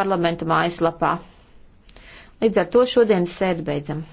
parlamenta mājaslapā. Līdz ar to šodienas sēdi beidzam.